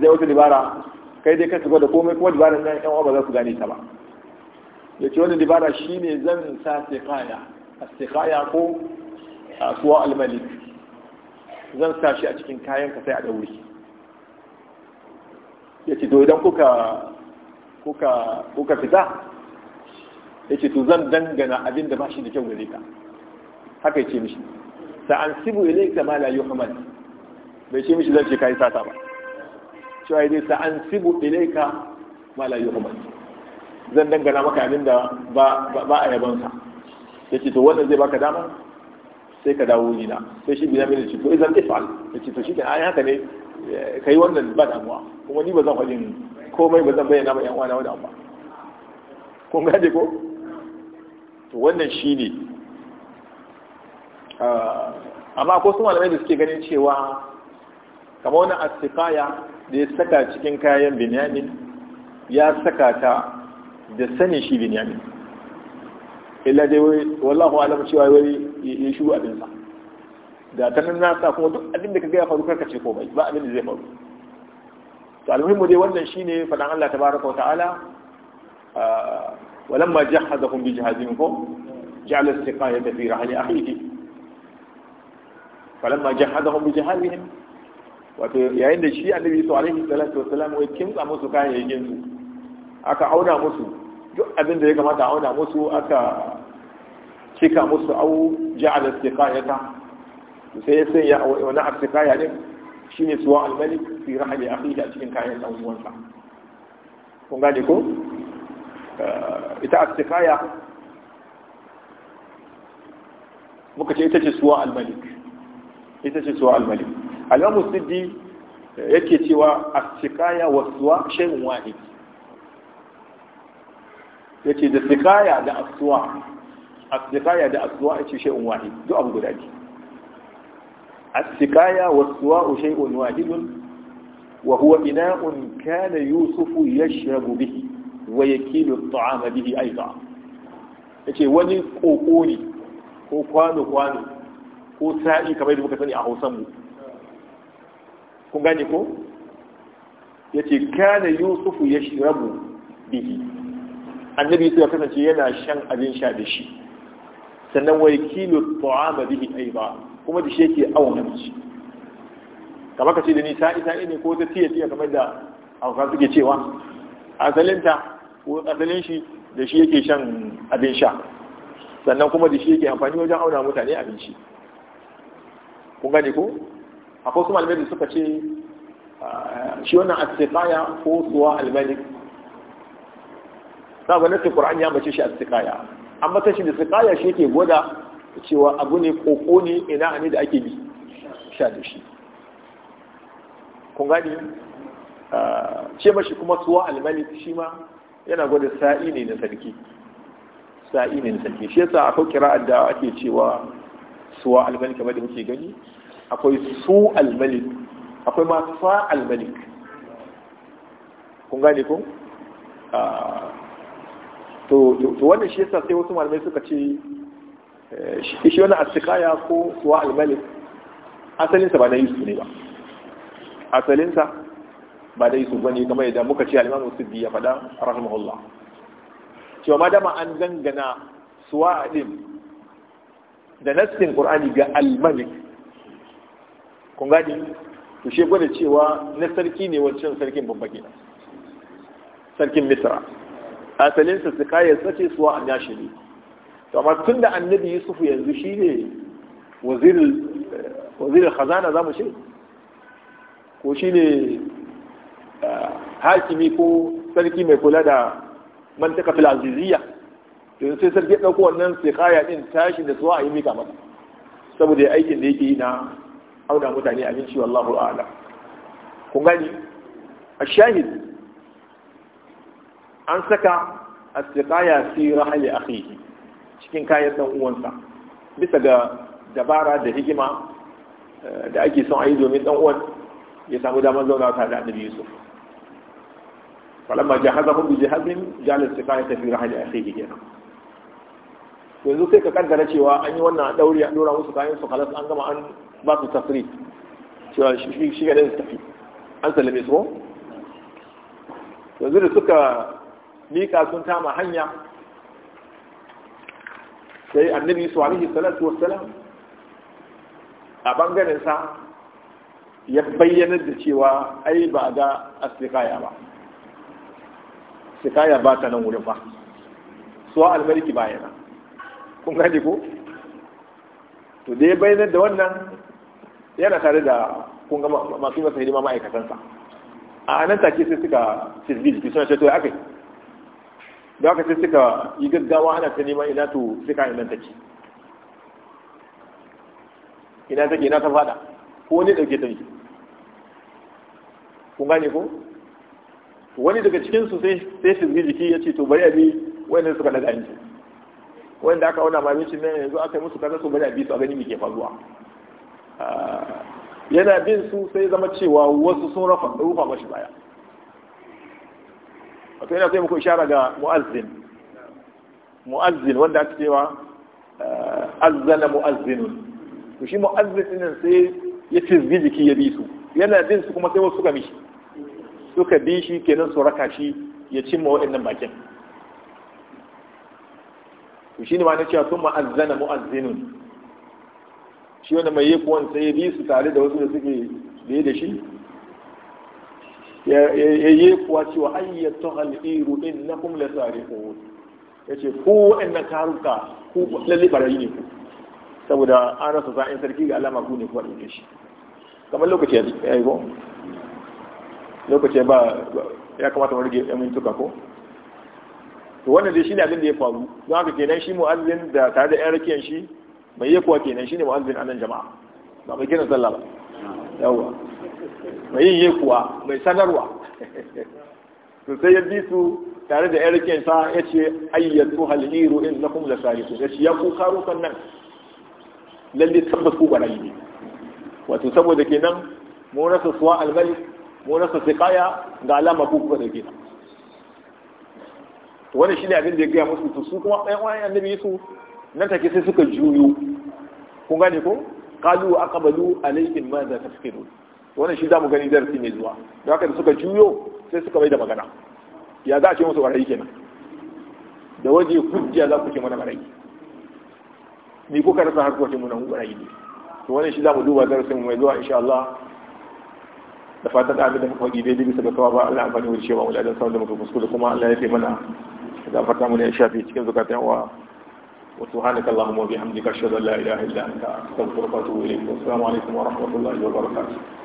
zai wata dabara kai dai ka shiga da komai kuma dabara nan yan uwa ba za su gane ta ba ya ce wani dabara shine zan sa a istiqaya ko suwa al-malik zan sa shi a cikin kayan ka sai a daure ya ce to idan kuka fita ya ce to zan dangana abin da ba shi da kyau gare ka haka ya ce mishi sa'an sibu ilai kama la yuhammad bai ce mishi zan ce kayi sata ba cewa dai sa'an sibu ilai ka ma la yuhammad zan dangana maka abin da ba a yabansa ya ce to wanda zai baka dama sai ka dawo na sai shi biya da ce izan ifal da ce to shi ke ayi haka ne ka yi wannan ba damuwa kuma ni ba zan faɗin komai ba zan bayyana ba yan uwana wani abu kun gane ko to wannan shi ne ah, amma ko su malamai da suke ganin cewa kama wani asifaya da ya saka cikin kayan binyamin ya saka ta da sanin shi binyamin illa dai wai wallahu alam cewa wai ya shiru abin sa da ta nan nasa kuma duk abin da kaga ya faru ce ko bai ba abin da zai faru to almuhimmu dai wannan shine fadan Allah tabaraka wa ta'ala walamma jahazahum bi jihadikum جعل السقاية في رحل أخيه bi جهزهم بجهازهم wato yayin da shi annabi su alaihi salatu wassalam wai kimtsa musu kayayyakin su aka auna musu duk abin da ya kamata a auna musu aka cika musu au ja'ala istiqayata sai ya sai ya wani istiqaya din shine suwa al-malik fi rahli akhihi a cikin kayan dan uwansa kun gane ko eh, ita istiqaya muka ce ita ce suwa al-malik ita ce suwa al-malik al-imam siddi yake cewa istiqaya wa suwa shay'un wahid yake da istiqaya da aswa asikaya da asuwa a ce shay'un wahid duk abu guda ne wa waswa shay'un wahid wa huwa ina'un kana yusufu yashrabu bihi wa yakilu at'ama bihi aidan yace wani kokori ko kwano kwano ko sa'i kamar da muka sani a Hausan mu kun gane ko yace kana yusufu yashrabu bihi annabi sai ya kasance yana shan abin sha da shi sannan wai kilo tu'ama bihi aiba kuma da shi yake auna shi kamar ka ce da ni sa'i sa'i ne ko ta tiya tiya kamar da hausa suke cewa asalinta ko asalin shi da shi yake shan abin sha sannan kuma da shi yake amfani wajen auna mutane abinci kun gane ko akwai kuma almalik suka ce ah, shi wannan astikaya ko suwa almalik sabon nasin qur'ani ya mace shi astikaya amma tashi da sukaya shi ke gwada cewa abu ne koko ne ina ne da ake bi sha da shi kun gani ah, ce mashi kuma suwa almalik shi ma yana gwada sa'i ne na sarki sa'i ne na sarki shi yasa akwai kira da ake cewa suwa almalik kamar da muke gani akwai su almalik akwai ma fa almalik kun gane kun to wannan shi yasa sai wasu malamai suka ce eh, shi wannan astikaya ko suwa almalik asalinsa ba na yusuf ne ba asalinsa ba da yusuf bane kamar yadda muka ce al su biya ya faɗa rahimahullah cewa ma dama an gangana suwa din da nassin qur'ani ga almalik, malik kun gani to shi gwada cewa na sarki ne wancan sarkin babba kenan sarkin misra asalin sa su kayan sace suwa an yashi ne to amma tun da annabi yusuf yanzu shi ne wazirin khazana zamu mu ce ko shi ne eh, hakimi ko sarki mai kula da mantaka filaziziyya yanzu sai sarki ɗauko wannan kaya ɗin tashi da suwa a yi mika masa saboda aikin da yake yi na auna mutane abinci wallahu a'lam kun gani a an saka a astiqaya fi a akhihi cikin kayan ɗan uwansa bisa ga dabara da hikima eh, da ake son a yi domin ɗan uwan ya samu damar zauna tare da annabi Yusuf falamma jahazahum bi jahazin tsakaya istiqaya fi a akhihi gina yanzu sai ka kaddara cewa an yi wannan dauri a ɗora musu kayan su kalas an gama an ba su tasiri cewa shi shi ga su tafi an salame su yanzu da suka mika sun kama hanya sai annabi su alihi salatu wassalam a bangaren sa ya bayyana da cewa ai ba ga aslikaya ba sikaya ba ta nan wurin ba suwa almaliki ba yana kun gani ko to da ya bayyana da wannan yana tare da kun ga masu masa hidima ma'aikatansa a nan take sai suka fizbi jiki suna ce to ya aka yi da aka sai suka yi gaggawa ana ta nema ina to suka ina take ina take ina ta fada ko wani dauke ta ne kun gane ko wani daga cikin su sai sai shi jiki ya ce to bari a bi suka daga wani wanda aka auna shi ne yanzu aka yi musu kaza su bari a bi su a gani me ke faruwa ah, yana bin su sai zama cewa wasu sun rufa mashi baya wato yana taimako ishara ga mu'azzin mu'azzin wanda ake cewa eh, azzana mu'azzinun to shi mu'azzin din sai ya tizgi jiki ya bi su yana bin su kuma sai wasu suka mishi suka bi shi kenan su raka shi ya cimma wa'annan bakin to ne ma na cewa sun ma'azzana mu'azzinun shi wanda mai yi kuwan sai ya bi su tare da wasu da suke da shi ya yi kuwa cewa ayyatu hal'iru ya ce ko ku na karuka ku lalle barayi ne ku saboda an rasa za'in sarki ga alama ku ne kuwa wadin shi kamar lokaci ya yi ko lokaci ba ya kamata mu rige yan tuka ko to wannan dai ne abin da ya faru don haka kenan shi mu'azzin da tare da yan rakiyan shi mai kuwa kenan ne mu'azzin nan jama'a ba mai kiran sallah ba yawwa mai yin kuwa mai sanarwa to sai ya bi su tare da yarkin sa ya ce ayyatu haliru in na kuma da sariku ya ce ya ku karo sannan lalle tabbas ku gwarayi ne wato saboda kenan mu rasa suwa almalik mu rasa kaya ga alama ku kuka da kenan wani shine abin da ya gaya musu to su kuma ɗayan wani annabi su nan take sai suka juyo kun gane ko kalu aqbalu alaykum ma za tafkirun wannan shi za mu gani darasi mai zuwa Da haka da suka juyo sai suka bai da magana ya za a ce musu warai kenan da waje kujiya za ku ce mana ɓarayi ni ko ka rasa harkokin mu na ɓarayi ne to wannan shi za mu duba darasin mai zuwa insha Allah da fatan da abin da muka faɗi daidai bisa ga kawa ba Allah amfani wa cewa wala dan sauran da muka kuskure kuma Allah ya fi mana da fata mu ne insha Allah cikin zakatan wa وسبحانك اللهم وبحمدك اشهد ان لا اله الا انت استغفرك واتوب اليك والسلام عليكم ورحمه الله وبركاته